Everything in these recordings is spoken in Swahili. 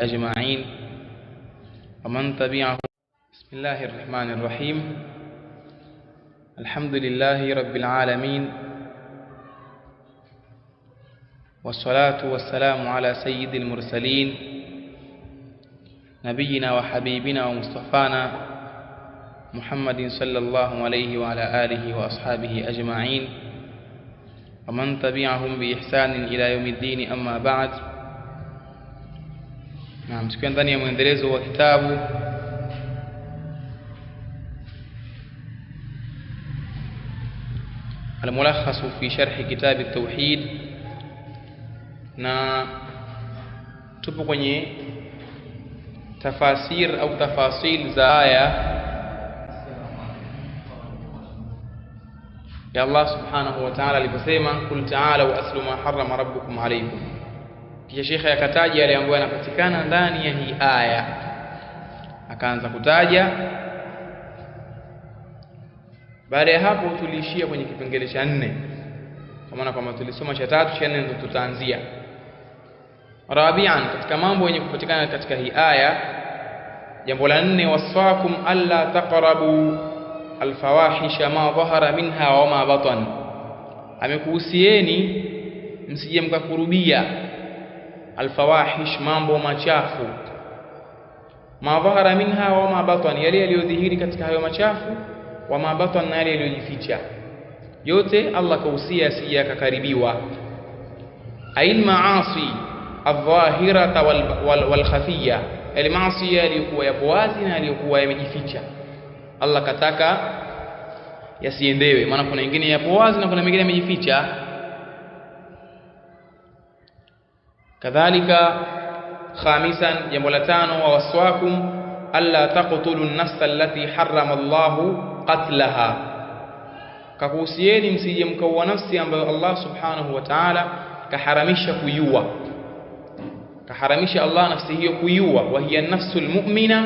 أجمعين ومن تبعه بسم الله الرحمن الرحيم الحمد لله رب العالمين والصلاة والسلام على سيد المرسلين نبينا وحبيبنا ومصطفانا محمد صلى الله عليه وعلى آله وأصحابه أجمعين ومن تبعهم بإحسان إلى يوم الدين أما بعد Naam, tukiwa ndani ya mwendelezo wa kitabu الملخص fi شرح كتاب التوحيد na tupo kwenye tafasir au tafasil za aya ya Allah subhanahu wa ta'ala aliposema kul ta'ala wa aslu ma harrama rabbukum alaykum kisha shekhe akataja yale ambayo yanapatikana ndani ya hii aya, akaanza kutaja. Baada ya hapo, tuliishia kwenye kipengele cha nne, kwa maana kwamba tulisoma cha tatu, cha nne ndio tutaanzia. Rabian, katika mambo yenye kupatikana katika hii aya, jambo la nne, wasfakum alla taqrabu alfawahisha ma dhahara minha wa ma batan, amekuhusieni msije mkakurubia alfawahish, mambo machafu, madhahara minha wa ma yale yaliyodhihiri katika hayo machafu, wa ma na yale yaliyojificha. Yote Allah kausia asije akakaribiwa. Ail maasi aldhahirata walkhafiya, yale maasi yaliyokuwa yapo wazi na yaliyokuwa yamejificha, Allah kataka yasiendewe, maana kuna mengine yapo wazi na kuna mengine yamejificha كذلك خامسا يمولتان ووسواكم ألا تقتلوا النفس التي حرم الله قتلها كقوسيين سيمك نفسي أن الله سبحانه وتعالى كحرمش كيوة كحرمش الله نفسه كيوة وهي النفس المؤمنة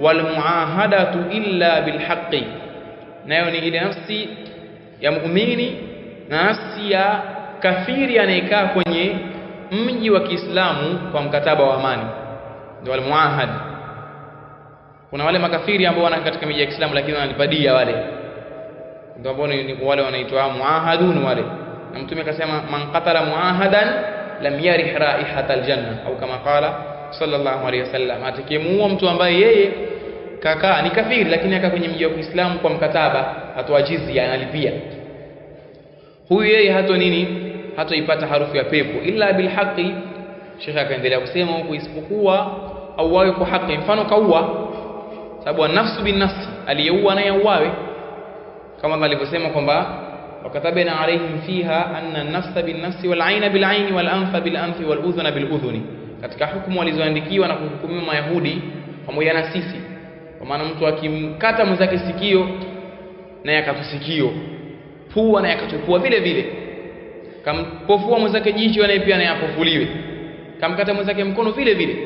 والمعاهدة إلا بالحق نيوني إلى نفسي يا مؤمني نفسي يا كفير يعني كا mji wa Kiislamu kwa mkataba wa amani, ndio wale muahad. Kuna wale makafiri ambao wana katika miji ya Kiislamu, lakini wanalipadia wale, ndio ambao ni wale wanaitwa muahadun wale. Na Mtume akasema man qatala muahadan lam yarih raihata aljanna, au kama qala sallallahu alayhi wasallam, atakemuua mtu ambaye yeye kakaa ni kafiri, lakini akaa kwenye mji wa Kiislamu kwa mkataba, atoajizi analipia huyu, yeye hato nini hataipata harufu ya pepo illa bilhaqi. Shekhe akaendelea kusema huko, isipokuwa auawe kwa haki. Mfano kaua, sababu nafsu bin nafsi, aliyeua naye auawe, kama Allah alivyosema kwamba wakatabena alaihim fiha anna nafsa bin nafsi wal aina bil aini wal anfa bil anfi wal udhuna bil udhuni, katika hukumu walizoandikiwa na kuhukumiwa Mayahudi pamoja na sisi, kwa maana mtu akimkata mwenzake sikio naye akatusikio pua naye akatupua vile vile kampofua mwenzake jicho, naye pia naye apofuliwe, kamkata mwenzake mkono vile vile.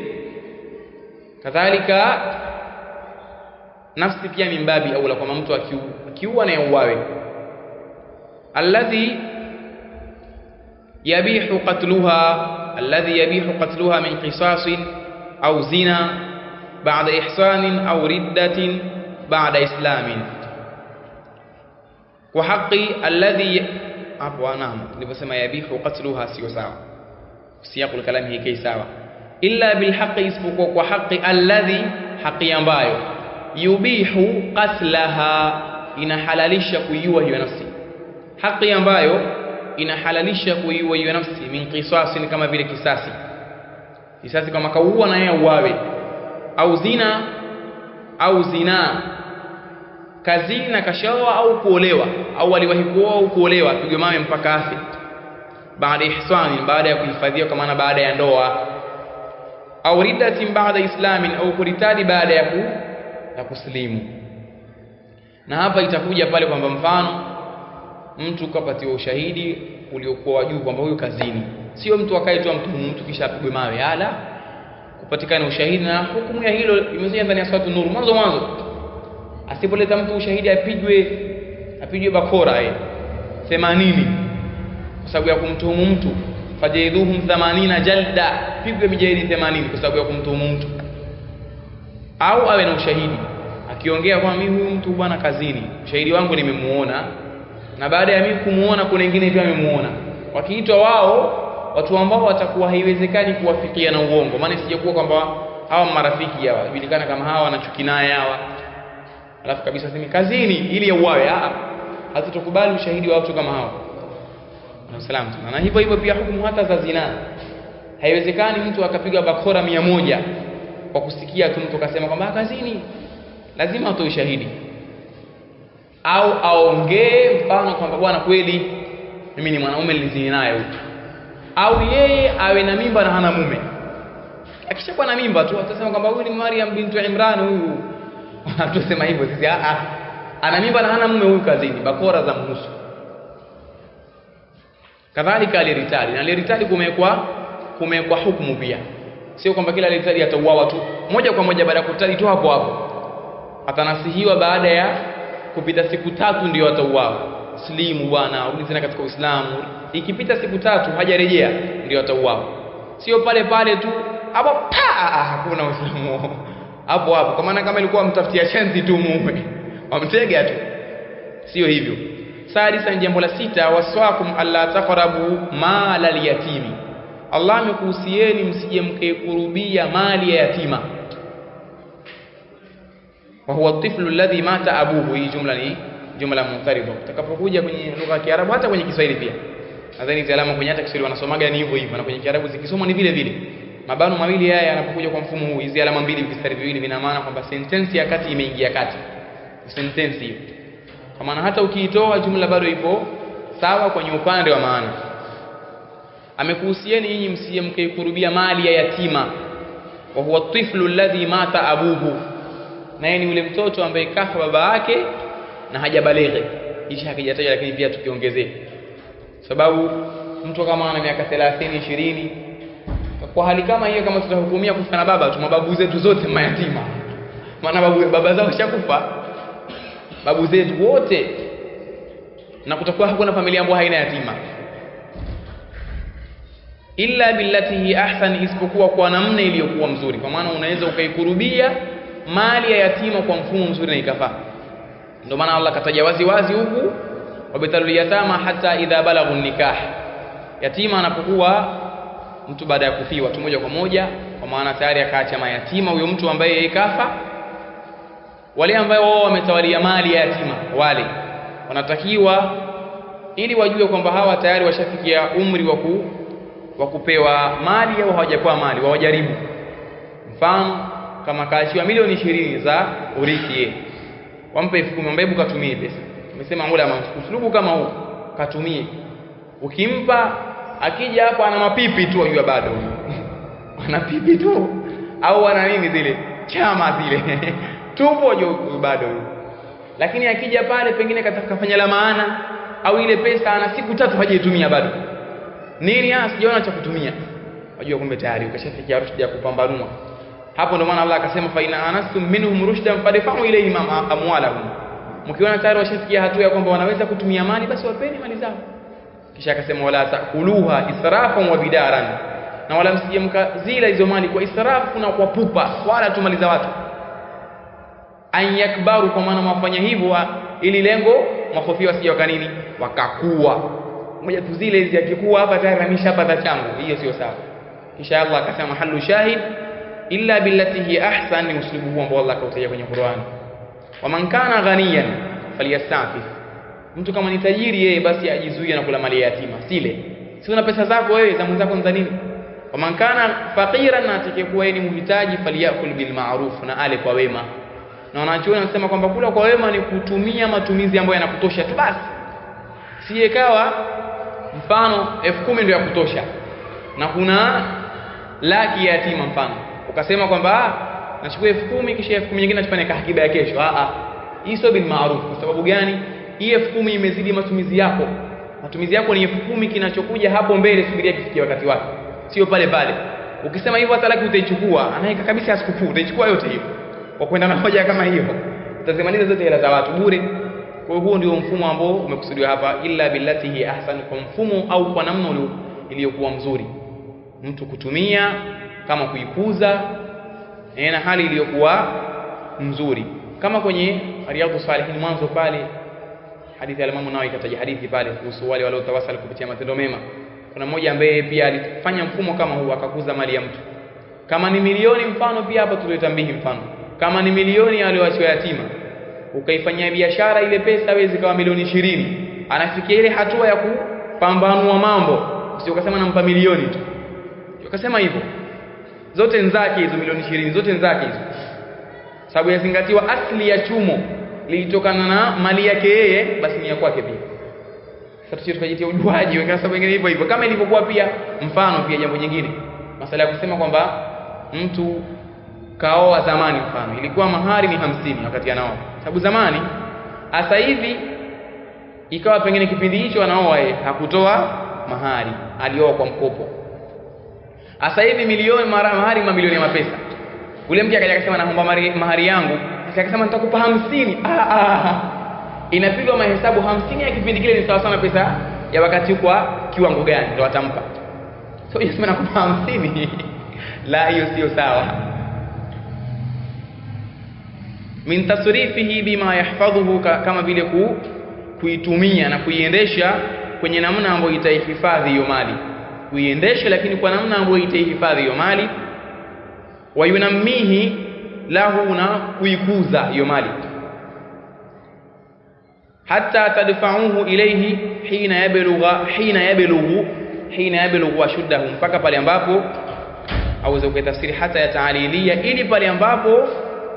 Kadhalika nafsi pia ni mbabi au la kwa mtu akiua na yauawe Alladhi yabihu qatluha, alladhi yabihu qatluha min qisas au zina ba'da ihsan au riddatin ba'da islamin, kwa haki alladhi hapo wanamu nilivyosema yabihu qatluha sio sawa siyaku alkalam hii kai sawa illa bil haqqi isipokuwa kwa haqqi alladhi haqqi ambayo yubihu qatlaha inahalalisha kuiua hiyo nafsi haqqi ambayo inahalalisha kuiua hiyo nafsi min qisas ni kama vile kisasi kisasi kama kauua na yeye uawe au zina au zinaa kazini na kashaoa au kuolewa au aliwahi kuoa au kuolewa, apigwe mawe mpaka afe, baada ihsani, baada ya kuhifadhiwa, kwa maana baada ya ndoa, au ridatin baada islamin, au kuritadi baada ya ku ya kusilimu. Na hapa itakuja pale kwamba mfano mtu kapatiwa ushahidi uliokuwa wa juu kwamba huyu kazini, sio mtu akae tu mtu kisha apigwe mawe, ala, kupatikana ushahidi na hukumu ya hilo imezia ndani ya swatu nuru mwanzo mwanzo asipoleta mtu ushahidi apigwe apigwe bakora yeye eh. 80 kwa sababu ya kumtuhumu mtu fajaiduhum 80 jalda pigwe mijaidi 80 kwa sababu ya kumtuhumu mtu au awe na ushahidi akiongea kwamba mimi huyu mtu bwana kazini ushahidi wangu nimemuona na baada ya mimi kumuona kuna wengine pia amemuona wakiitwa wao watu ambao watakuwa haiwezekani kuwafikia na uongo maana sijakuwa kwamba hawa marafiki hawa julikana kama hawa wanachuki naye hawa alafu kabisa aseme kazini ili a Hatutokubali ushahidi wa watu kama hao. na salamu Na hivyo hivyo pia hukumu hata za zina haiwezekani mtu akapiga bakora 100 kwa kusikia tu mtu akasema kwamba ah, kazini. Lazima atoe ushahidi au aongee mfano kwamba bwana, kweli mimi ni mwanaume nilizini naye huko, au yeye awe na mimba na hana mume. Akishakuwa na mimba tu atasema kwamba huyu ni Maryam bintu Imran huyu hatusema hivyo sisi. Ah, ah. Ana mimba na hana mume huyu kazini, bakora za mhusu. Kadhalika aliritali na aliritali kumekwa kumekwa hukumu pia, sio kwamba kila aliritali atauawa tu moja kwa moja baada ya kutali tu hapo hapo, atanasihiwa baada ya kupita siku tatu ndio atauawa. Slimu bwana, rudi tena katika Uislamu. Ikipita siku tatu hajarejea ndio atauawa, sio pale pale tu hapo pa, ah, hakuna Uislamu hapo hapo, kwa maana kama ilikuwa mtafutia chenzi tu mume wamtega tu, sio hivyo. Sadisa, jambo la sita, waswakum alla taqrabu mala lyatimi, Allah amekuhusieni msije mkaikurubia mali ya yatima. Wa huwa tiflu alladhi mata abuhu, hii jumla ni jumla munqarida, utakapokuja kwenye lugha ya Kiarabu hata kwenye Kiswahili pia nadhani, zalama kwenye hata Kiswahili wanasomaga ni hivyo hivyo, na kwenye Kiarabu zikisomwa ni vile vile mabano mawili haya yanapokuja kwa mfumo huu, hizi alama mbili, vistari viwili, vina maana kwamba sentensi ya kati imeingia kati, sentensi hiyo. Kwa maana hata ukiitoa jumla bado ipo sawa kwenye upande wa maana. Amekuhusieni nyinyi msije mkaikurubia mali ya yatima, wa huwa tiflu alladhi mata abuhu, naye ni yule mtoto ambaye kafa baba yake na hajabaleghe. Hichi hakijataja lakini pia tukiongezee, sababu mtu kama ana miaka 30 20 kwa hali kama hiyo, kama tutahukumia kufa na baba, tuma babu zetu zote mayatima, maana babu baba zao shakufa, babu zetu wote, na kutakuwa hakuna familia ambayo haina yatima illa billati hi ahsan, isipokuwa kwa namna iliyokuwa mzuri. Kwa maana unaweza ukaikurubia mali ya yatima kwa mfumo mzuri na ikafaa. Ndio maana Allah kataja wazi wazi huku wabitalul yatama hata idha balaghu nikah, yatima anapokuwa mtu baada ya kufiwa tu moja kwa moja, kwa maana tayari akaacha mayatima huyo mtu ambaye yeye kafa. Wale ambao wao wametawalia mali ya yatima, wale wanatakiwa ili wajue kwamba hawa tayari washafikia umri wa ku wa kupewa mali au hawajapewa mali, wawajaribu. Mfano kama kaachiwa milioni ishirini za urithi, yeye wampe elfu kumi, ambaye katumie pesa. Amesema ulama, uslubu kama huu katumie, ukimpa akija hapa ana mapipi tu ajua bado ana pipi tu au ana nini zile chama zile tupo juu bado lakini akija pale pengine fanya la maana au ile pesa ana siku tatu hajaitumia bado nini ah sijaona cha kutumia wajua kumbe tayari ukashafikia rushda ya kupambanua hapo ndio maana Allah akasema fa ina anastum minhum rushdan fadfa'u ilayhim amwalahum mkiona tayari washafikia hatua ya kwamba wanaweza kutumia mali basi wapeni mali zao kisha akasema wala takuluha israfan wa bidaran na wala msije mkazila hizo mali kwa israfu na kwa pupa wala tumaliza watu an yakbaru kwa maana mwafanya hivyo ili lengo mahofia wasije wakanini wakakua moja tu zile hizi akikua hapa tayari ameshapata changu hiyo sio sawa kisha Allah akasema halu shahid illa billati hi ahsan ni uslubu ambao Allah akautajia kwenye Qur'an wa man kana ghaniyan falyastafif Mtu kama ni tajiri yeye, basi ajizuie na kula mali ya yatima, sile si una pesa zako wewe za mwenzako ni za nini? Waman kana faqiran, na atakayekuwa yeye ni mhitaji, falyakul bil ma'ruf, na ale kwa wema. Na wanachuoni wanasema kwamba kula kwa wema ni kutumia matumizi ambayo yanakutosha tu basi, siye kawa mfano elfu kumi ndio ya kutosha na kuna laki ya yatima, mfano ukasema kwamba ah, nachukua elfu kumi kisha elfu kumi nyingine nachukua nikahakiba ya kesho. Ah ah, hii sio bil ma'ruf. Kwa sababu gani? hii elfu kumi imezidi matumizi yako, matumizi yako ni elfu kumi kinachokuja hapo mbele, subiria kifikia wakati wake, sio pale pale. Ukisema hivyo hata laki utaichukua, anaweka kabisa asikufuu, utaichukua yote hiyo kwa kwenda na hoja kama hiyo, utazimaliza zote hela za watu bure. Kwa hiyo huo ndio mfumo ambao umekusudiwa hapa, illa billati hi ahsan, kwa mfumo au kwa namna iliyokuwa mzuri mtu kutumia kama kuikuza eh, na hali iliyokuwa mzuri, kama kwenye Riyadhus Salihin mwanzo pale hadithi ya alimamu nao ikataja hadithi pale kuhusu wale waliotawasal kupitia matendo mema kuna mmoja ambaye pia alifanya mfumo kama huu akakuza mali ya mtu kama ni milioni mfano pia hapa tuliotambihi mfano kama ni milioni ya aliyoachiwa yatima ukaifanyia biashara ile pesa wezi zikawa milioni ishirini anafikia ile hatua ya kupambanua mambo sio ukasema nampa milioni tu ukasema hivyo zote nzake hizo milioni ishirini zote nzake hizo sababu yazingatiwa asli ya chumo lilitokana na mali yake yeye, basi ni ya kwake pia. Sasa sisi tukajitia ujuaji, wengine sababu wengine hivyo hivyo, kama ilivyokuwa pia mfano pia jambo jingine, masala ya kusema kwamba mtu kaoa zamani, mfano ilikuwa mahari ni hamsini wakati anaoa, sababu zamani hasa hivi ikawa pengine kipindi hicho anaoa yeye hakutoa mahari, alioa kwa mkopo. Sasa hivi milioni mara mahari mamilioni ya mapesa, ule mke akaja akasema naomba mahari yangu kisha akasema nitakupa hamsini ah, ah. inapigwa mahesabu hamsini ya kipindi kile ni sawa sana pesa ya wakati kwa kiwango gani ndio atampa so yasema nakupa hamsini la hiyo sio sawa min tasrifihi bima yahfadhuhu kama vile ku, kuitumia na kuiendesha kwenye namna ambayo itaihifadhi hiyo mali kuiendesha lakini kwa namna ambayo itaihifadhi hiyo mali wayunamihi lahu na kuikuza hiyo mali hata tadfa'uhu ilayhi hina yablugha hina yablughu hina yablughu ashuddahu mpaka pale ambapo auweza kuitafsiri hata ya taalilia ili pale ambapo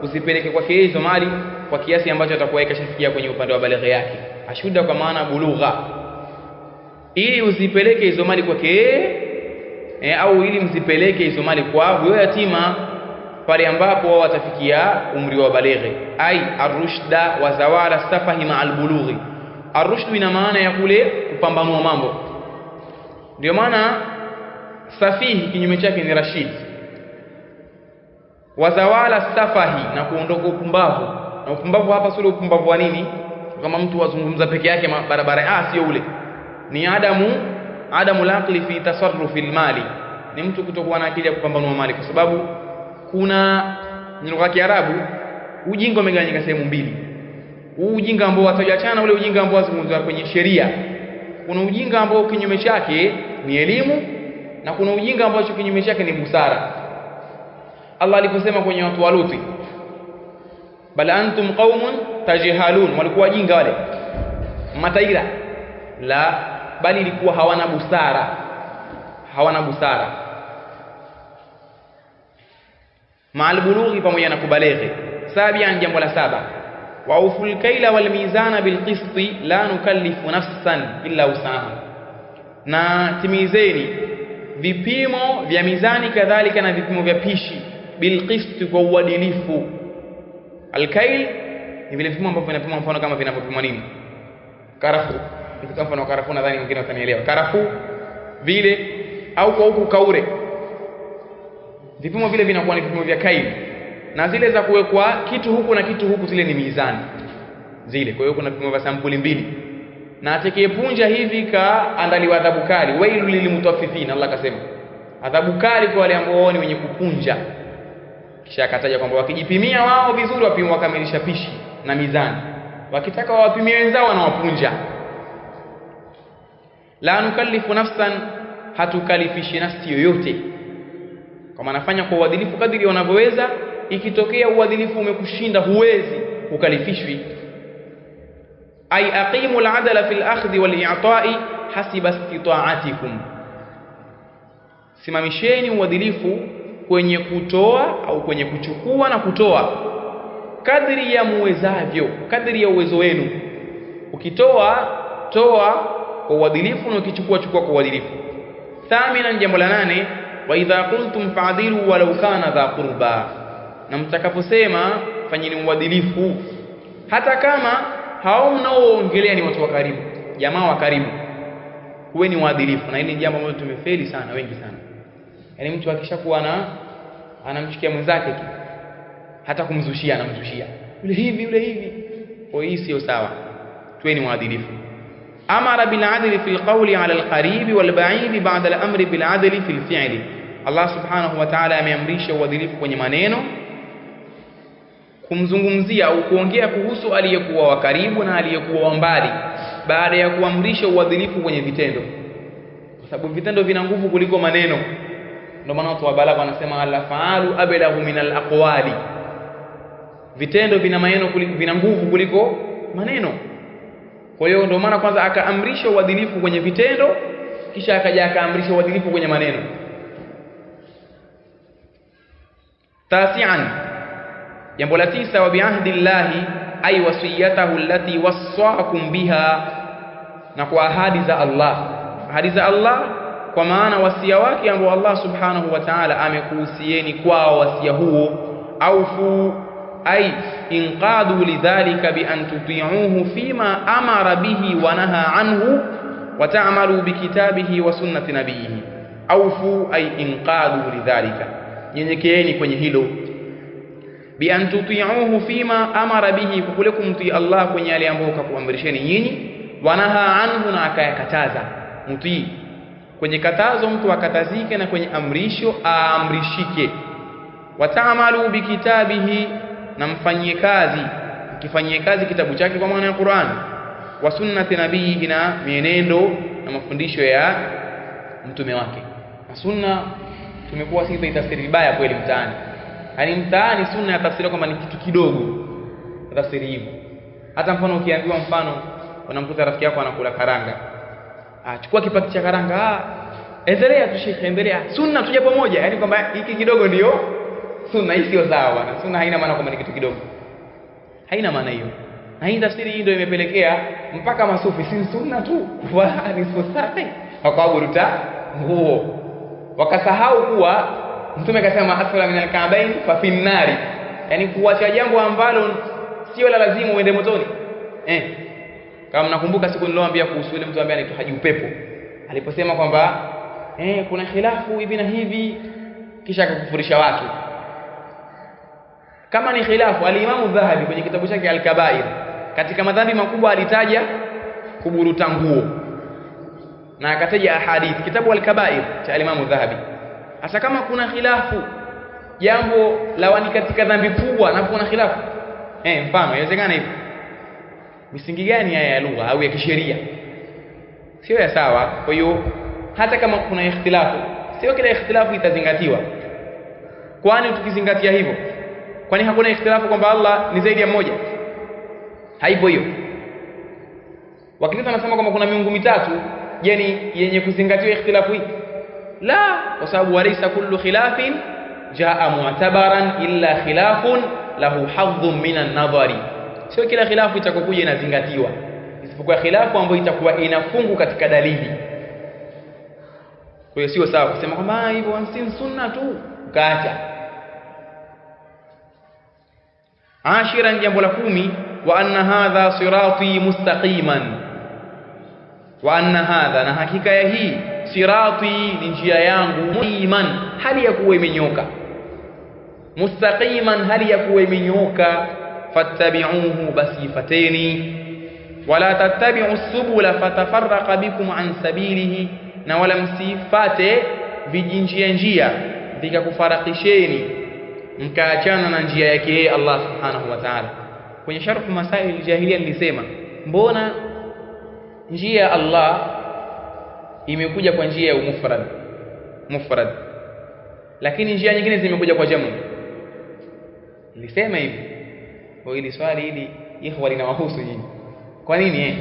usipeleke kwake hizo mali kwa kiasi ambacho atakuwa ikashafikia kwenye upande wa balighi yake ashuda kwa maana bulugha ili usipeleke hizo mali kwake eh, au ili msipeleke hizo mali kwa huyo yatima pale ambapo wao watafikia umri wa balighi ai arushda wa zawala safahi ma albulughi arushdu ina maana ya kule kupambanua mambo ndio maana safihi kinyume chake ni rashid wazawala safahi na kuondoka upumbavu na upumbavu hapa sio upumbavu wa nini kama mtu wazungumza peke yake barabara ah sio ule ni adamu adamu laqli fi tasarrufi almali ni mtu kutokuwa na akili ya kupambanua mali kwa sababu kuna lugha ya Kiarabu ujinga umegawanyika sehemu mbili. Huu ujinga ambao watajachana ule ujinga ambao wazungumzwa kwenye sheria. Kuna ujinga ambao kinyume chake ni elimu na kuna ujinga ambao kinyume chake ni busara. Allah aliposema kwenye watu wa Luti, bal antum qaumun tajhalun, walikuwa wajinga wale mataira la, bali ilikuwa hawana busara, hawana busara maal bulughi, pamoja na kubaleghe. Sabian, jambo la saba wa uful kaila wal mizana bil qisti la nukallifu nafsan illa usaha, na timizeni vipimo vya mizani kadhalika na vipimo vya pishi bil qisti, kwa uadilifu. kail ni vile vipimo ambavyo vinapimwa, mfano kama vinavyopimwa nini, karafuu. Nikitoa mfano karafu, nadhani mwingine atanielewa karafu vile au kwa huku kaure vipimo vile vinakuwa ni vipimo vya kaili na zile za kuwekwa kitu huku na kitu huku, zile ni mizani zile. Kwa hiyo kuna vipimo vya sampuli mbili, na atakayepunja hivi kaandaliwa adhabu kali, wailu lilimutaffifina. Allah akasema adhabu kali kwa wale ambao ni wenye kupunja, kisha akataja kwamba wakijipimia wao vizuri, wapimwa wakamilisha pishi na mizani, wakitaka wawapimie wenzao wanawapunja. La nukallifu nafsan, hatukalifishi nafsi yoyote kama anafanya kwa uadilifu kadiri wanavyoweza. Ikitokea uadilifu umekushinda, huwezi ukalifishwi. ai aqimu ladala fi lakhdhi walitai hasiba istitaatikum, simamisheni uadilifu kwenye kutoa au kwenye kuchukua na kutoa kadri ya muwezavyo, kadri ya uwezo wenu. Ukitoa toa kwa uadilifu, na ukichukua chukua kwa uadilifu. Thamina, jambo la nane wa idha qultum fa'dilu walau kana dha qurba, na mtakaposema fanyeni uadilifu hata kama hao mnaoongelea ni watu wa karibu, jamaa wa karibu, huwe ni waadilifu. Na hili ni jambo ambalo tumefeli sana wengi sana, yaani mtu akishakuwa na anamchukia mwenzake tu, hata kumzushia anamzushia yule hivi yule hivi. Kwa hiyo hii sio sawa, tuwe ni waadilifu amara biladli fi lqauli ala lqaribi walbaidi bada lamri biladli fi lfili, Allah subhanahu wa taala ameamrisha uadilifu kwenye maneno, kumzungumzia au kuongea kuhusu aliyekuwa wa karibu na aliyekuwa wa mbali, baada ya kuamrisha uadilifu kwenye vitendo, kwa sababu vitendo vina nguvu kuliko maneno. Ndio maana watu wa balagha wanasema alafaalu ablahu min alaqwali, vitendo vina maneno, vina nguvu kuliko maneno. Kwa hiyo ndio maana kwanza akaamrisha uadilifu kwenye vitendo, kisha akaja akaamrisha uadilifu kwenye maneno. Tasian, jambo la tisa, wa biahdi llahi ay wasiyatahu allati wasaakum biha, na kwa ahadi za Allah, ahadi za Allah kwa maana wasia wake ambao Allah subhanahu wa ta'ala amekuhusieni kwao, wasia huo aufu ay inqadu lidhalika bian tuti'uhu fima amara bihi wa naha anhu wa ta'malu bikitabihi wa sunnati nabiyihi aufu ay inqadu lidhalika nyenyekeeni kwenye hilo bian tuti'uhu fima amara bihi kwa kule kumtii Allah kwenye yale ambayo kakuamrisheni nyinyi wa naha anhu na akayakataza mtii kwenye katazo mtu akatazike na kwenye amrisho aamrishike watamalu bikitabihi na mfanyie kazi kifanyie kazi kitabu chake kwa maana ya Qur'an wa sunnati nabii na mienendo na mafundisho ya mtume wake sunna tumekuwa sisi tafsiri vibaya kweli mtaani yani mtaani sunna ya tafsiri kama ni kitu kidogo tafsiri hivyo hata mfano ukiambiwa mfano unamkuta rafiki yako anakula karanga ah, chukua kipaki cha karanga ah endelea tu endelea sunna tuje pamoja yani kwamba hiki kidogo ndio sunna hii sio sawa bwana. Sunna haina maana kwamba ni kitu kidogo, haina maana hiyo. Na hii tafsiri hii ndio imepelekea mpaka masufi si sunna tu, wala nisfu sa'i, wakawaburuta nguo, wakasahau kuwa Mtume akasema asfala min alka'bain fa fi nnari, yani kuacha jambo ambalo sio la lazima uende motoni eh. Kama mnakumbuka siku niloambia kuhusu yule mtu ambaye anaitwa Haji Upepo aliposema kwamba eh, kuna khilafu hivi na hivi, kisha akakufurisha watu kama ni khilafu alimamu dhahabi kwenye kitabu chake alkabair katika madhambi makubwa alitaja kuburuta nguo na akataja ahadith kitabu alkabair cha alimamu dhahabi hasa kama kuna khilafu jambo lawani katika dhambi kubwa na kuna khilafu eh mfano inawezekana hivi misingi gani haya ya lugha au ya kisheria sio ya sawa kwa hiyo hata kama kuna ikhtilafu sio kila ikhtilafu itazingatiwa kwani tukizingatia hivyo kwani hakuna ikhtilafu kwamba Allah ni zaidi ya mmoja haipo hiyo wakileta anasema kwamba kuna miungu mitatu je ni yenye kuzingatiwa ikhtilafu hii la kwa sababu walaisa kullu khilafin jaa mu'tabaran illa khilafun lahu hadhun minan nadhari sio kila khilafu itakokuja inazingatiwa isipokuwa khilafu ambayo itakuwa inafungu katika dalili kwa hiyo sio sawa kusema kwamba ah, hivyo si sunna tu ukaacha ashiran jambo la kumi wa anna hadha sirati mustaqiman wa anna hadha na hakika ya hii sirati ni njia yangu iman hali ya kuwa imenyoka mustaqiman hali ya kuwa imenyoka fattabi'uhu basi fateni wala tattabi'u subula fatafarraqa bikum an sabilihi na wala msifate vijinjia njia vikakufarakisheni mkaachana na njia yake yeye Allah subhanahu wa ta'ala. Kwenye sharhu masail jahiliya nilisema mbona njia ya Allah imekuja kwa njia ya mufrad mufrad, lakini njia nyingine zimekuja kwa jamu. Nilisema hivi kwa hili swali hili, ikhwa, linawahusu nyinyi. Kwa nini eh?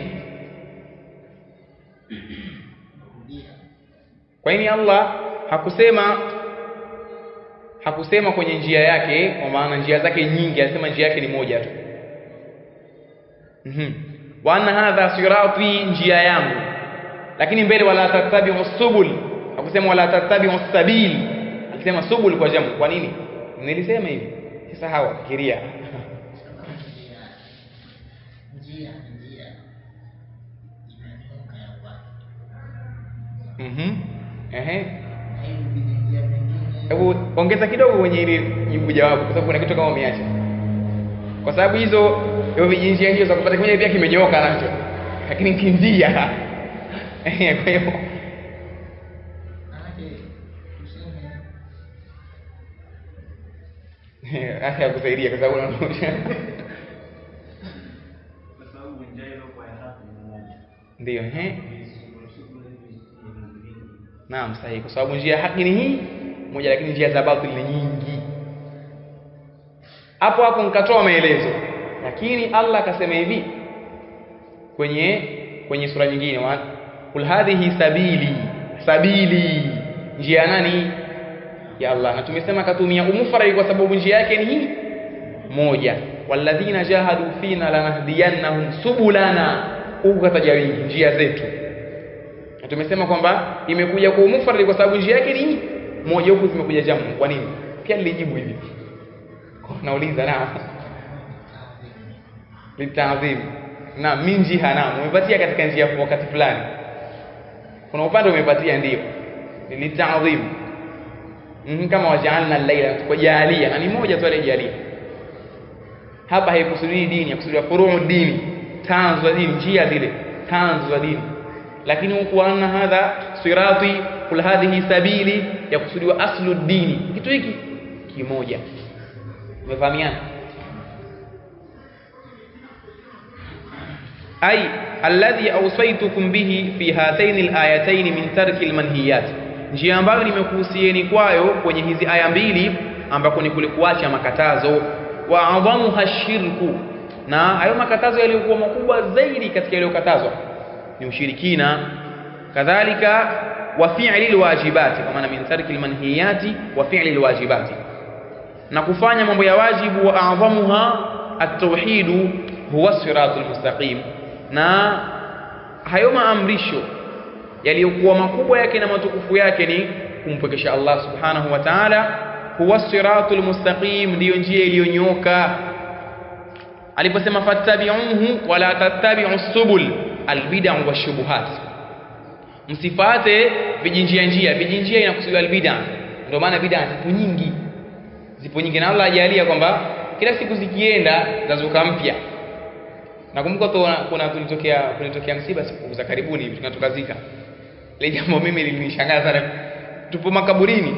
Kwa nini Allah hakusema hakusema kwenye njia yake, kwa maana njia zake nyingi, alisema njia yake ni moja tu. Mhm, wa anna hadha sirati, njia yangu. Lakini mbele wala tattabi'u subul, hakusema wala tattabi'u sabil, alisema subul kwa jamu. Kwa nini? Nilisema hivi, sisahau, fikiria Mhm. Ehe hebu ongeza kidogo kwenye hili jibu jawabu, kwa sababu kuna kitu kama umeacha, kwa sababu hizo hiyo vijinjia hiyo za kupata kimoja pia kimejooka nacho, lakini kinzia kwa hiyo hata kusaidia kwa sababu Kwa sababu unaondosha ndio, eh, naam, sahihi, kwa sababu njia ya haki ni hii moja, lakini njia za batili ni nyingi. Hapo hapo nikatoa maelezo, lakini Allah akasema hivi kwenye kwenye sura nyingine, kul hadhihi sabili sabili, njia nani? Ya Allah. Na tumesema katumia umufradi kwa sababu njia yake ni hii moja, walladhina jahadu fina lanahdiyannahum subulana, huku kataja wingi njia zetu, na tumesema kwamba imekuja kwa umufradi kwa sababu njia yake ni hii moja huku zimekuja jamu. Kwa nini? Pia nilijibu hivi, nauliza na litadhim na minji hanamu umepatia katika njia wakati fulani, kuna upande umepatia ndio litadhim mhm, kama wajaalna laila tukajaalia, na ni moja tu alijalia hapa. Haikusudii dini, yakusudia furuu dini, tanzu dini, njia zile tanzu dini, lakini huku anna hadha sirati kul hadhihi sabili ya kusudiwa aslu dini kitu hiki kimoja umefahamiana ay alladhi awsaytukum bihi fi hataini alayataini min tarki almanhiyat njia ambayo nimekuhusieni kwayo kwenye hizi aya mbili ambako ni kule kuacha makatazo wa adhamu shirku na hayo makatazo yaliyokuwa makubwa zaidi katika yaliyokatazwa ni ushirikina kadhalika وفعل الواجبات كما من ترك المنهيات وفعل الواجبات نكفانا من بيواجب وأعظمها التوحيد هو الصراط المستقيم نا هيوما أمرشو يلي هو مكوبا يكينا ما تكفو يكيني كم فكش الله سبحانه وتعالى هو الصراط المستقيم ليونجي ليونيوكا علي بس ما فاتبعوه ولا تتبعوا السبل البدع والشبهات msifate vijinjia njia. Vijinjia inakusudiwa albida, ndio maana bida zipo nyingi, zipo nyingi, na Allah ajalia kwamba kila siku zikienda zazuka mpya. Nakumbuka tu kuna tulitokea kulitokea msiba siku za karibuni hivi, tunatoka zika ile jambo mimi lilinishangaza sana. Tupo makaburini,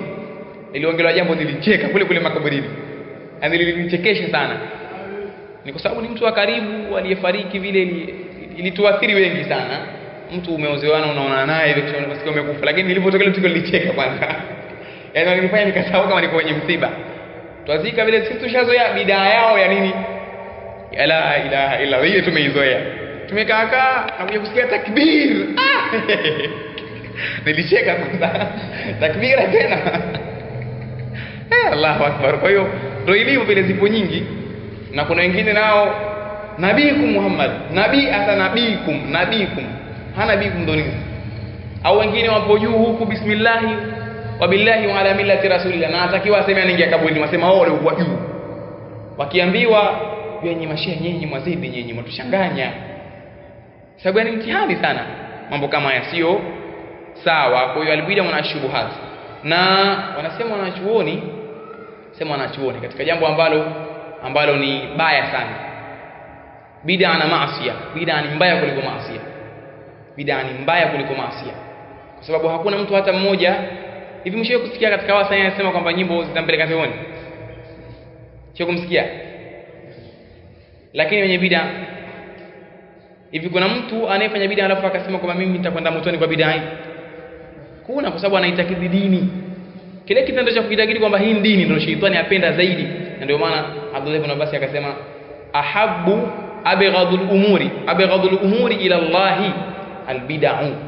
niliongelewa jambo nilicheka kule kule makaburini, na nilinichekesha sana. Ni kwa sababu ni mtu wa karibu aliyefariki, vile ilituathiri wengi sana mtu umeozewana unaona naye hivi kisha unasikia umekufa, lakini nilipotokea tukio nilicheka kwanza, yaani nilifanya nikasahau kama niko kwenye msiba. Twazika vile sisi tushazoea bidaa yao ya nini, ya la ilaha illa wewe tumeizoea tumekaa kaa na kuja kusikia takbir ah! nilicheka kwanza takbir tena eh, Allahu akbar. Kwa hiyo ndio ilivyo, vile zipo nyingi, na kuna wengine nao nabiikum Muhammad nabii hata nabiikum nabiikum hana bibu kumdhoniza au wengine wapo juu huku bismillahi wabillahi wa ala millati rasulillah na atakiwa aseme anaingia kaburi wasema wao walikuwa juu wakiambiwa yenye mashia nyinyi mwazidi nyinyi mtushanganya sababu yani mtihani sana mambo kama haya sio sawa kwa hiyo alibida shubuhat na wanasema wanachuoni sema wanachuoni katika jambo ambalo ambalo ni baya sana bid'a na maasiya bid'a ni mbaya kuliko maasiya bid'a ni mbaya kuliko maasi kwa sababu hakuna mtu hata mmoja hivi. Mshawe kusikia katika wasanii anasema kwamba nyimbo zitampeleka peponi? Sio kumsikia. Lakini wenye bid'a hivi, kuna mtu anayefanya bid'a alafu akasema kwamba mimi nitakwenda motoni kwa bid'a hii? Kuna, kwa sababu anaitakidi dini. Kile kitendo cha kuitakidi kwamba hii dini ndio shetani apenda zaidi, na ndio maana Abdullah ibn Abbas akasema ahabbu abghadul umuri abghadul umuri ila Allahi al-bida'u